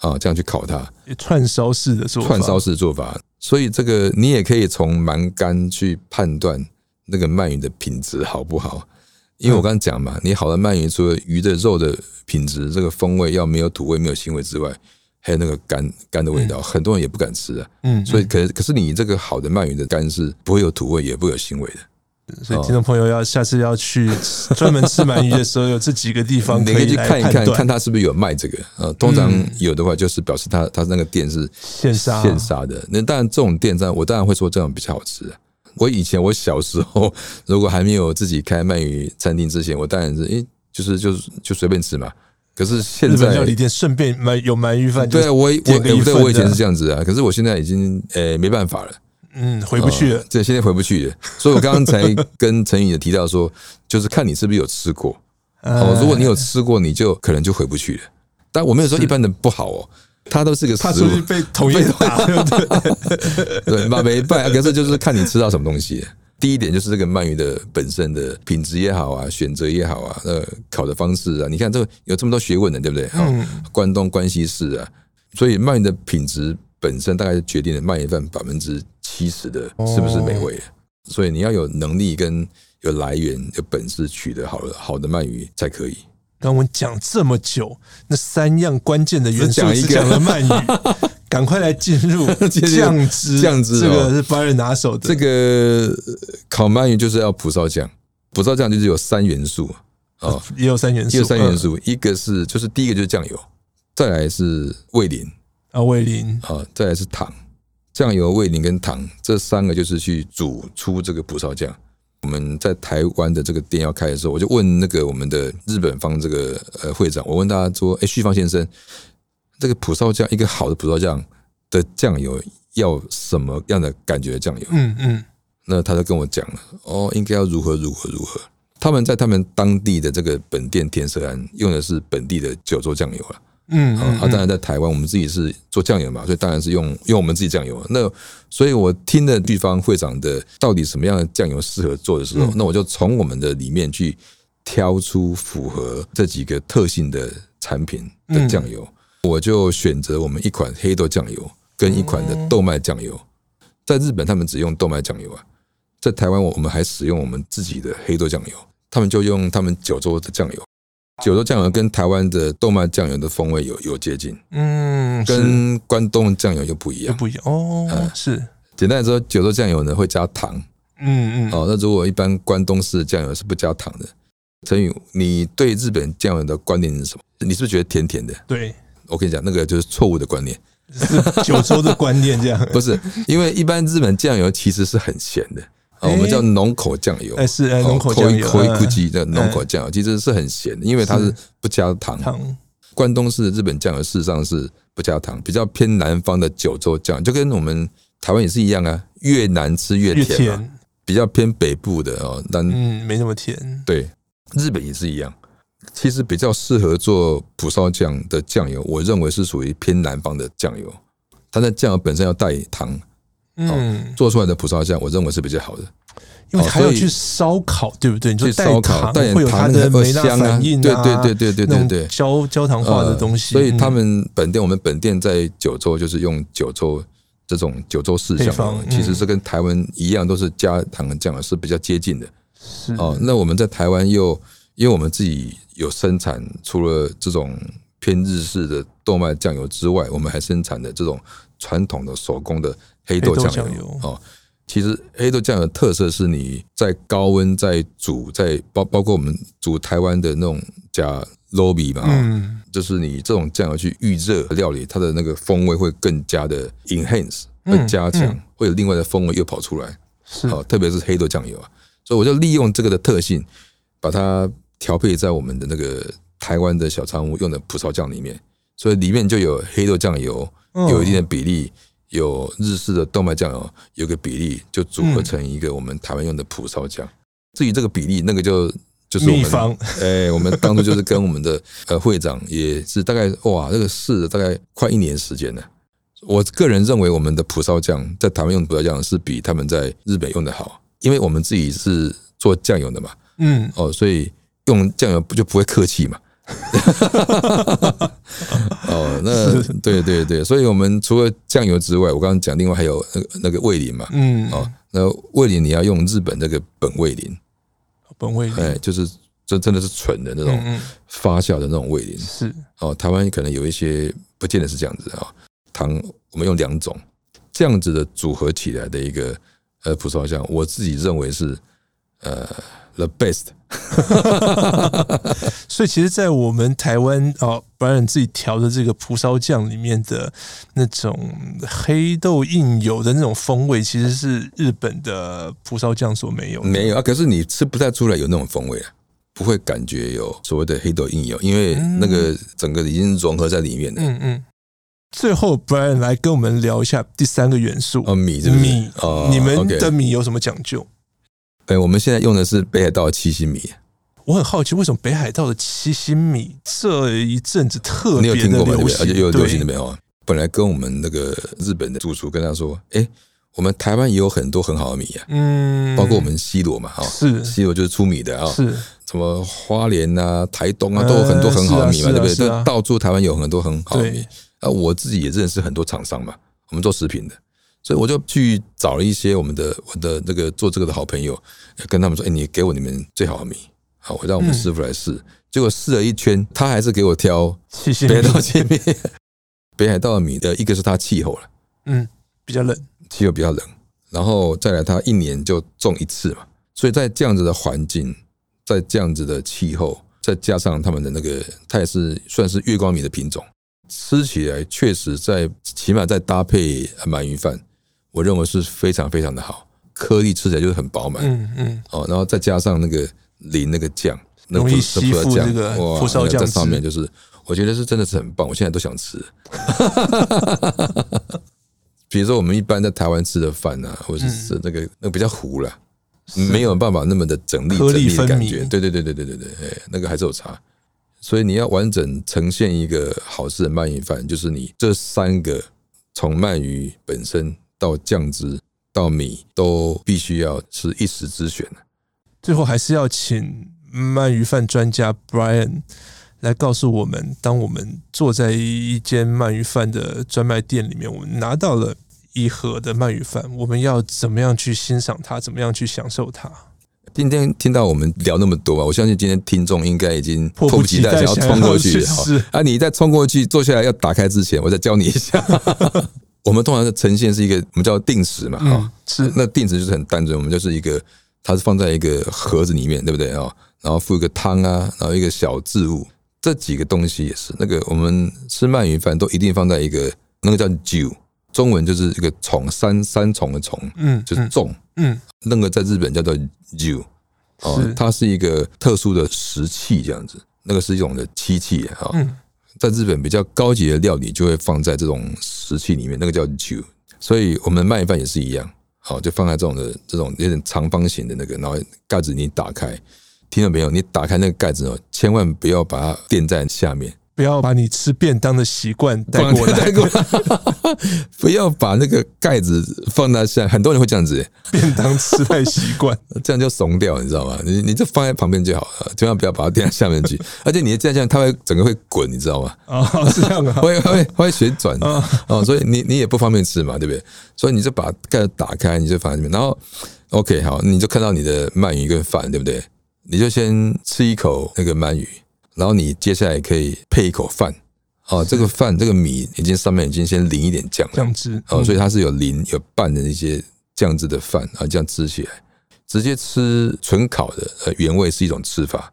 哦，這樣去烤它，
串燒式的做，法，串燒式
的做法，所以這個你也可以從鰻干去判斷那個鰻魚的品質好不好，因為我剛才講嘛，嗯、你好的鰻魚除了魚的肉的品質，這個風味要沒有土味、沒有腥味之外。還有那個乾干的味道，嗯、很多人也不敢吃啊。嗯，嗯，所以可是可是你這個好的鰻魚的干是不會有土味，也不會有腥味的。所以聽眾
朋友要下次要去專門吃鰻魚的時候，有這幾個地方可以，你可以去看一看，看他
是不是有賣這個呃、啊，通常有的話，就是表示他他那個店是現殺現殺的。現殺啊、那當然這種店，站我當然會說這種比較好吃、啊。我以前我小時候如果還沒有自己開鰻魚餐廳之前，我當然是哎、欸，就是就是就隨便吃嘛。可是現在
順便買有鰻魚飯，對我我對我以前是
這樣子啊。可是我現在已經、欸，沒辦法了，嗯，回不去了、呃。對，現在回不去了。所以我剛剛才跟承宇也提到說， 就是看你是不是有吃過。
哦，如果你
有吃過你，啊，你就可能就回不去了。但我沒有說一般的不好哦，他是都是個他屬於被同業打對，沒辦法。可是就是看你吃到什麼東西、啊。第一點就是這個鰻魚的本身的品質也好啊，選擇也好啊，呃，烤的方式啊，你看這個有這麼多學問的，對不對？嗯。關東關西式啊，所以鰻魚的品質本身大概決定了鰻魚飯百分之七十的、哦、是不是美味、啊？所以你要有能力跟有來源、有本事取得好好的鰻魚才可以。
那我們講這麼久，那三樣關鍵的因素是講，講了鰻魚。
趕快來進入醬汁，醬 汁這個
是華人拿手的。哦、這個
烤鰻魚就是要蒲燒醬，蒲燒醬就是有三元素啊，哦、也有三元素，有三元素，嗯、一個是就是第一個就是醬油，再來是味淋，啊，味淋，啊、哦，再來是糖，醬油、味淋跟糖這三個就是去煮出這個蒲燒醬。我們在台灣的這個店要開的時候，我就問那個我們的日本方這個呃會長，我問他說：哎、欸，旭方先生。這個蒲燒醬，一個好的蒲燒醬的醬油要什麼樣的感覺的醬油？嗯嗯。嗯，那他就跟我講了，哦，應該要如何如何如何。他們在他們當地的這個本店天色庵用的是本地的酒做醬油啊
嗯，嗯啊，當然
在台灣，我們自己是做醬油嘛，所以當然是用用我們自己醬油、啊。那所以我聽的地方會長的到底什麼樣的醬油適合做的時候，嗯、那我就從我們的裡面去挑出符合這幾個特性的產品的醬油。嗯我就選擇我們一款黑豆醬油跟一款的豆麥醬油，在日本他們只用豆麥醬油啊，在台灣我們還使用我們自己的黑豆醬油，他們就用他們九州的醬油，九州醬油跟台灣的豆麥醬油的風味有有接近，嗯，
跟
關東醬油又不一樣，不一樣哦，是簡單來說，九州醬油呢會加糖，嗯嗯，哦，那如果一般關東式醬油是不加糖的，承宇，你對日本醬油的觀點是什麼？你是不是覺得甜甜的？對。我跟你講，那個就是錯誤的觀念，是九州的觀念這樣 不是，因為一般日本醬油其實是很鹹的啊，欸、我們叫濃口醬油，欸、是濃口醬油，喝一、哦、口一估計這濃口醬油、啊、其實是很鹹的，因為它是不加糖。是糖。關東式的日本醬油事實上是不加糖，比較偏南方的九州醬油，就跟我們台灣也是一樣啊，越南吃越甜、啊，越甜比較偏北部的哦，南、嗯，嗯沒那麼甜，對，日本也是一樣。其實比較適合做蒲燒醬的醬油，我認為是屬於偏南方的醬油。它的醬油本身要帶糖，嗯，做出來的蒲燒醬，我認為是比較好的，
因為還要去燒烤，對不對？你帶糖，帶點糖的，梅納反應啊，對對對對對對對，焦焦糖化的東西。所以他們
本店，我們本店在九州就是用九州這種九州市醬，其實是跟台灣一樣，都是加糖的醬油，是比較接近的。是哦，那我們在台灣又。因為我們自己有生產，除了這種偏日式的豆麥醬油之外，我們還生產的這種傳統的手工的黑豆醬油，豆油哦。其實黑豆醬油的特色是你在高溫在煮在包包括我們煮台灣的那種加 lobby 嘛，嗯、就是你這種醬油去預熱料理，它的那個風味會更加的 enhance，會加強，嗯嗯、會有另外的風味又跑出來。是，哦、特別是黑豆醬油啊，所以我就利用這個的特性，把它。調配在我們的那個台灣的小倉屋用的蒲燒醬裡面，所以裡面就有黑豆醬油，有一定的比例，有日式的豆瓣醬油，有個比例就組合成一個我們台灣用的蒲燒醬。至於這個比例，那個就就是我們秘方。哎、欸，我們當初就是跟我們的呃會長也是大概哇，這、那個試了大概快一年時間了。我個人認為，我們的蒲燒醬在台灣用的蒲燒醬是比他們在日本用的好，因為我們自己是做醬油的嘛。嗯哦，所以。用醬油不就不會客氣嘛？ 哦，那對對對，所以我們除了醬油之外，我剛剛講，另外還有那個那個味淋嘛，嗯，哦，那味淋你要用日本那個本味淋。本味淋，哎，就是真真的是純的那種發酵的那種味淋，嗯嗯。是哦，台灣可能有一些不見得是這樣子哦，糖我們用兩種這樣子的組合起來的一個呃蒲燒醬，我自己認為是。呃、uh,，the best。
所以其實，在我們台灣哦、uh,，Brian 自己調的這個蒲燒醬裡面的那種黑豆蔭油的那種風味，其實是日本的蒲燒醬所沒有。
沒有啊，可是你吃不太出來有那種風味啊，不會感覺有所謂的黑豆蔭油，因為那個整個已經融合在裡面了。嗯
嗯。最後，Brian 來跟我們聊一下第
三個元素，哦、米，是是米，米、哦，你們的米有什麼講究？Okay. 哎，我們現在用的是北海道七星米。
我很好奇，為什麼北海道的七星米這一陣子特別的，你有聽過嗎？而且沒有流行的沒有？
本來跟我們那個日本的主廚跟他說：“哎，我們台灣也有很多很好的米啊，嗯，包括我們西螺嘛，哈、哦，是西螺就是出米的啊，哦、是，什麼花蓮啊、台東啊，都有很多很好的米嘛，哎啊啊啊、對不對？啊、到處台灣有很多很好的米。對啊，我自己也認識很多廠商嘛，我們做食品的。”所以我就去找了一些我們的我的那個做這個的好朋友，跟他們說：“哎、欸，你給我你們最好的米，好，我讓我們師傅來試。嗯”結果試了一圈，他還是給我挑北海道西邊。 北海道的米的一個是它氣候
了，
嗯，比較冷，氣候比較冷，然後再來它一年就種一次嘛，所以在這樣子的環境，在這樣子的氣候，再加上他們的那個，它也是算是月光米的品種，吃起來確實在，在起碼在搭配鰻魚飯。我認為是非常非常的好，顆粒吃起來就是很飽滿，嗯，嗯嗯，哦，然後再加上那個淋那個醬，容易吸附那哇個蒲燒醬汁在上面，就是我覺得是真的是很棒，我現在都想吃。 比如說我們一般在台灣吃的飯，啊、或者是那個、嗯、那個比較糊了，是沒有辦法那麼的整粒整粒的感覺，對對對對對對對，欸、那個還是有差。所以你要完整呈現一個好吃的鰻魚飯，就是你這三個從鰻魚本身。到醬汁到米都必須要是一時之選
最後還是要請鰻魚飯專家 Brian 來告訴我們：當我們坐在一間鰻魚飯的專賣店裡面，我們拿到了一盒的鰻魚飯，我們要怎麼樣去欣賞它？怎麼樣去享受它？
今天聽到我們聊那麼多啊，我相信今天聽眾應該已經迫不及待想要衝過去。是、啊、過去。是啊，你再衝過去坐下來要打開之前，我再教你一下。 我們通常是呈現的是一個我們叫定食嘛、哦、啊、嗯，是那定食就是很單純，我們就是一個，它是放在一個盒子裡面，對不對啊、哦？然後附一個湯啊，然後一個小置物，這幾個東西也是那個我們吃鰻魚飯都一定放在一個那個叫酒，中文就是一個重三三重的重嗯，就重、是嗯，嗯，嗯，那個在日本叫做酒，哦，是它是一個特殊的食器這樣子，那個是一種的漆器、哦、嗯。在日本比較高級的料理就會放在這種食器裡面，那個叫酒。所以我們的鰻魚飯也是一樣，好，就放在這種的這種有點長方形的那個，然後蓋子你打開，聽到沒有？你打開那個蓋子哦，千萬不要把它墊在下面。
不要把你吃便當的習慣帶過來，
不要把那個蓋子放在下，很多人會這樣子，便當吃太習慣，這樣就慫掉，你知道嗎？你你就放在旁邊就好了，千萬不要把它墊在下面去，而且你這樣這樣，它會整個會滾，你知道嗎？
哦，是這樣的，會
會會旋轉哦，所以你你也不方便吃嘛，對不對？所以你就把蓋子打開，你就放在裡面，然後 OK 好，你就看到你的鰻魚跟飯，對不對？你就先吃一口那個鰻魚。然後你接下來可以配一口飯哦，這，嗯、這個飯這個米已經上面已經先淋一點醬醬汁哦，嗯、所以它是有淋有拌的一些醬汁的飯啊，這樣吃起來。直接吃純烤的呃原味是一種吃法。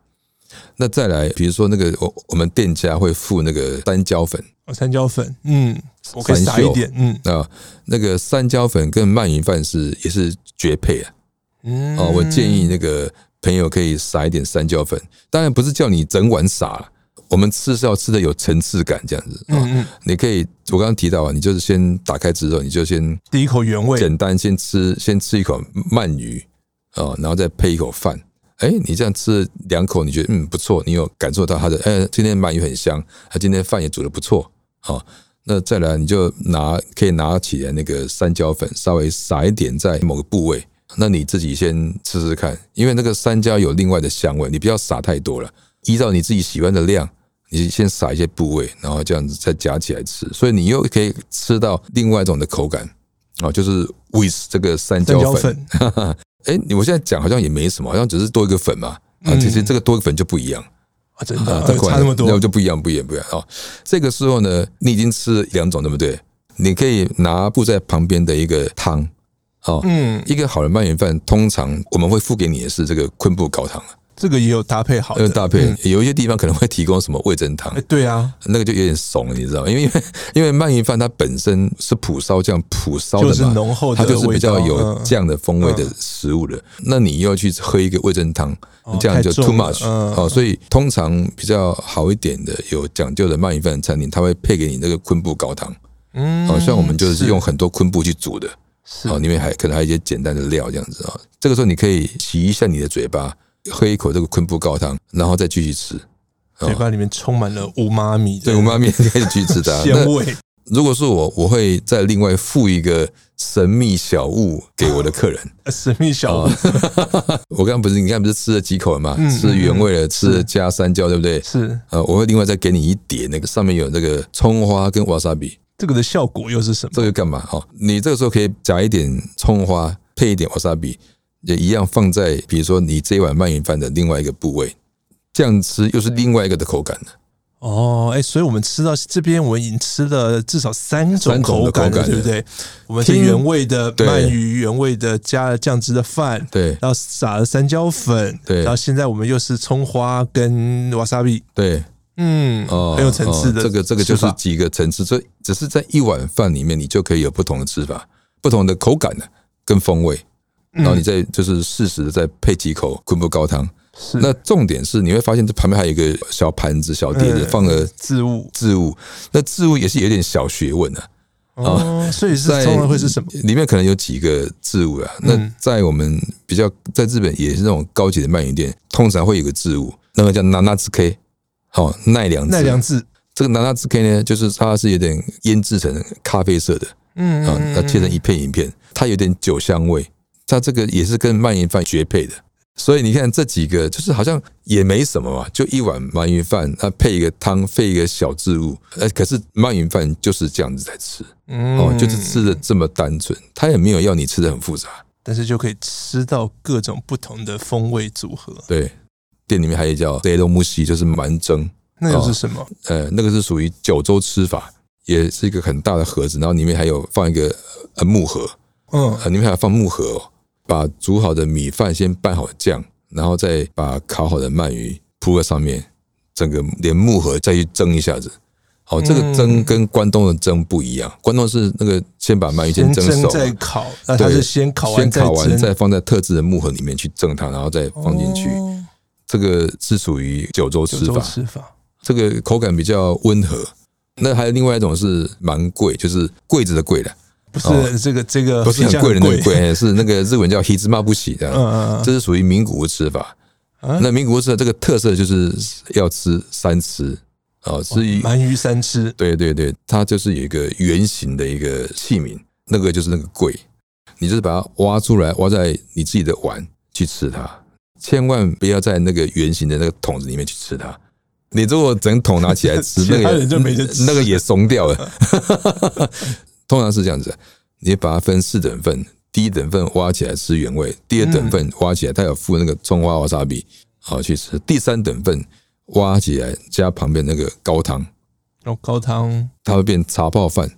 那再來，比如說那個我我們店家會附那個山椒粉
哦，山椒粉，嗯，山秀 我可以撒一點，
嗯啊，那個山椒粉跟鰻魚飯是也是絕配啊，哦，嗯哦，我建議那個。朋友可以撒一點山椒粉，當然不是叫你整碗撒了。我們吃是要吃的有層次感這樣子啊。你可以，我剛剛提到啊，你就是先打開之後，你就先第一口原味，簡單先吃，先吃一口鰻魚啊，然後再配一口飯。哎，你這樣吃兩口，你覺得嗯不錯，你有感受到它的哎，今天鰻魚很香，它今天飯也煮得不錯。好，那再來你就拿可以拿起來那個山椒粉，稍微撒一點在某個部位。那你自己先吃吃看，因為那個山椒有另外的香味，你不要撒太多了。依照你自己喜歡的量，你先撒一些部位，然後這樣子再夾起來吃，所以你又可以吃到另外一種的口感啊，就是 with 這個山椒粉。山椒粉。哈哈。哎，你我現在講好像也沒什麼，好像只是多一個粉嘛啊，其實這個多一個粉就不一樣
真的，嗯、啊，這這差那麼多，那
就不一樣，不一樣，不一樣啊、哦。這個時候呢，你已經吃了兩種，對不對？你可以拿布在旁邊的一個湯。好，嗯，一個好的鰻魚飯，通常我們會付給你的是這個昆布高湯，
這個也有搭配好的，有搭配。
有一些地方可能會提供什麼味噌湯，對啊，那個就有點慫了，你知道，因為因為鰻魚飯它本身是蒲燒這樣蒲燒的嘛，它就是比較有這樣的風味的食物的。那你又要去喝一個味噌湯，這樣就 too much 哦，所以通常比較好一點的、有講究的鰻魚飯的餐廳，他會配給你那個昆布高湯，嗯，好像我們就是用很多昆布去煮的。哦，裡面還可能還有一些簡單的料這樣子啊。這個時候你可以洗一下你的嘴巴，喝一口這個昆布高湯，然後再繼續吃。
嘴巴裡面充滿了烏媽
米，對烏媽米可以繼續吃的鮮味。如果是我，我會再另外附一個神秘小物給我的客人。神秘小物，我剛剛不是，你剛才不是吃了幾口了嗎？吃原味的，吃加山椒，對不對？是。呃，我會另外再給你一碟那個上面有那個蔥花跟瓦薩比。這個的效果又是什麼？這個幹嘛哈？你這個時候可以加一點蔥花，配一點瓦薩比，也一樣放在比如說你這碗鰻魚飯的另外一個部位，這樣吃又是另外一個的口感
了。哦，哎、欸，所以我們吃到這邊，我們已經吃了至少三種口感對不對？我們是原味的鰻魚，對原味的加了醬汁的飯，對，然後撒了山椒粉，對然後現在我們又是蔥花跟瓦薩比。對。嗯，很、哦、有層次的、哦。這個這個就是
幾個層次，所以只是在一碗飯裡面，你就可以有不同的吃法、不同的口感呢、啊，跟風味。然後你再、嗯、就是適時的再配幾口昆布高湯。是。那重點是你會發現，這旁邊還有一個小盤子、小碟子，嗯、放了個漬物、漬物。那漬物也是有點小學問的、
啊、哦，所以是，是在、嗯、
裡面可能有幾個漬物啊。那在我們比較在日本也是那種高級的鰻魚店，通常會有個漬物，那個叫納納子 K。好、哦、奈良漬奈良漬，這個奈良漬可以呢，就是它是有點醃制成咖啡色的，嗯啊，它切成一片一片，它有點酒香味，它這個也是跟鰻魚飯絕配的。所以你看這幾個，就是好像也沒什麼嘛，就一碗鰻魚飯，它、啊、配一個湯，配一個小漬物，呃，可是鰻魚飯就是這樣子在吃，哦，就是吃的這麼單純，它也沒有要你吃的很複雜，
但是就可以吃到各種不同的風味組合，對。
店裡面還有叫 e d o m u s i，就是蠻蒸。那個是什麼、哦？呃，那個是屬於九州吃法，也是一個很大的盒子，然後裡面還有放一個呃木盒，嗯、呃，裡面還要放木盒、哦，把煮好的米飯先拌好醬，然後再把烤好的鰻魚鋪在上面，整個連木盒再去蒸一下子。好、哦，這個蒸跟關東的蒸不一樣，關東是那個先把鰻魚先蒸熟再烤，它對、啊、是先烤完先烤完再放在特制的木盒裡面去蒸它，然後再放進去。哦這個是屬於九州吃法，這個口感比較溫和。嗯、那還有另外一種是蠻貴，就是貴子的貴了，不是這
個這個不是很貴人的貴，
是那個日文叫黑芝麻不喜的，嗯嗯嗯、這是屬於名古屋吃法。嗯嗯、那名古屋吃的這個特色就是要吃三吃哦，哦、吃魚鰻魚三吃，對對對，它就是有一個圓形的一個器皿，那個就是那個貴，你就是把它挖出來，挖在你自己的碗去吃它。千萬不要在那個圓形的那個桶子裡面去吃它。你如果整桶拿起來吃，那個那個也鬆掉了。 通常是這樣子，你把它分四等份，第一等份挖起來吃原味，第二等份挖起來，它有附那個蔥花哇沙比，好去吃。第三等份挖起來加旁邊那個高湯，
哦，高湯
它會變茶泡飯，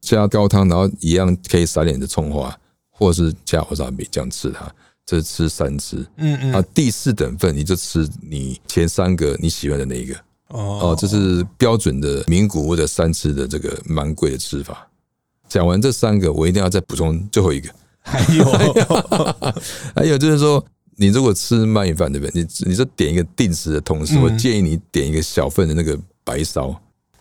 加高湯然後一樣可以撒點的蔥花，或是加哇沙比這樣吃它。這吃三吃嗯，嗯，啊，第四等份你就吃你前三個你喜歡的那一個，哦哦，這是標準的名古屋的三吃的這個蠻貴的吃法。講完這三個，我一定要再補充最後一個，還有 還有就是說，你如果吃鰻魚飯對不對？你你就點一個定食的同時，我建議你點一個小份的那個白燒。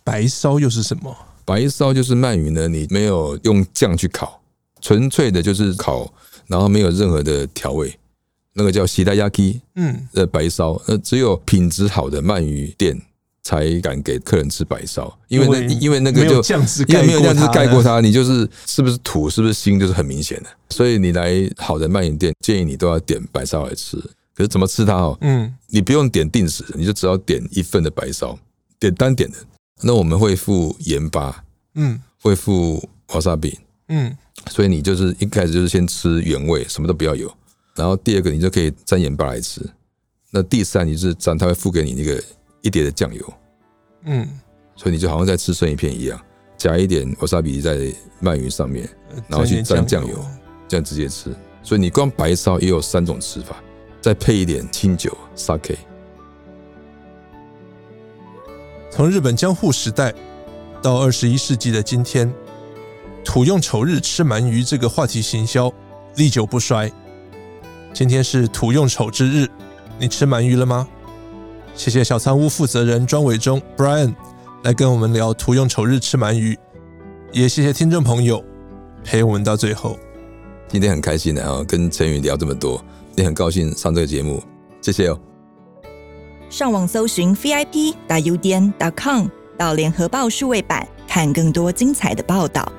白燒又是什麼？
白燒就是鰻魚呢，你沒有用醬去烤，純粹的就是烤。然後沒有任何的調味，那個叫白燒き，嗯，白燒，嗯、那只有品質好的鰻魚店才敢給客人吃白燒，因為那因為那個就有沒有醬汁蓋,蓋過它？你就是是不是土？是不是腥？就是很明顯的。所以你來好的鰻魚店，建議你都要點白燒來吃。可是怎麼吃它哦？嗯，你不用點定食，你就只要點一份的白燒，點單點的。那我們會付鹽巴，嗯，會付瓦沙比，嗯。所以你就是一開始就是先吃原味，什麼都不要有。然後第二個，你就可以沾鹽巴來吃。那第三，你是沾他會附給你那個一碟的醬油。嗯，所以你就好像在吃生魚片一樣，加一點哇沙比在鰻魚上面，然後去沾醬油，呃、油這樣直接吃。所以你光白燒也有三種吃法，再配一點清酒、Sake。
從日本江戶時代到二十一世紀的今天。土用丑日吃鰻魚這個話題行銷歷久不衰。今天是土用丑之日，你吃鰻魚了嗎？謝謝小倉屋負責人莊偉中 （Brian） 來跟我們聊土用丑日吃鰻魚，也謝謝聽眾朋友陪我們到最
後。今天很開心的、啊、跟承宇聊這麼多，也很高興上這個節目，謝謝哦。上網搜尋 vip.udn.com 到聯合報數位版，看更多精彩的報道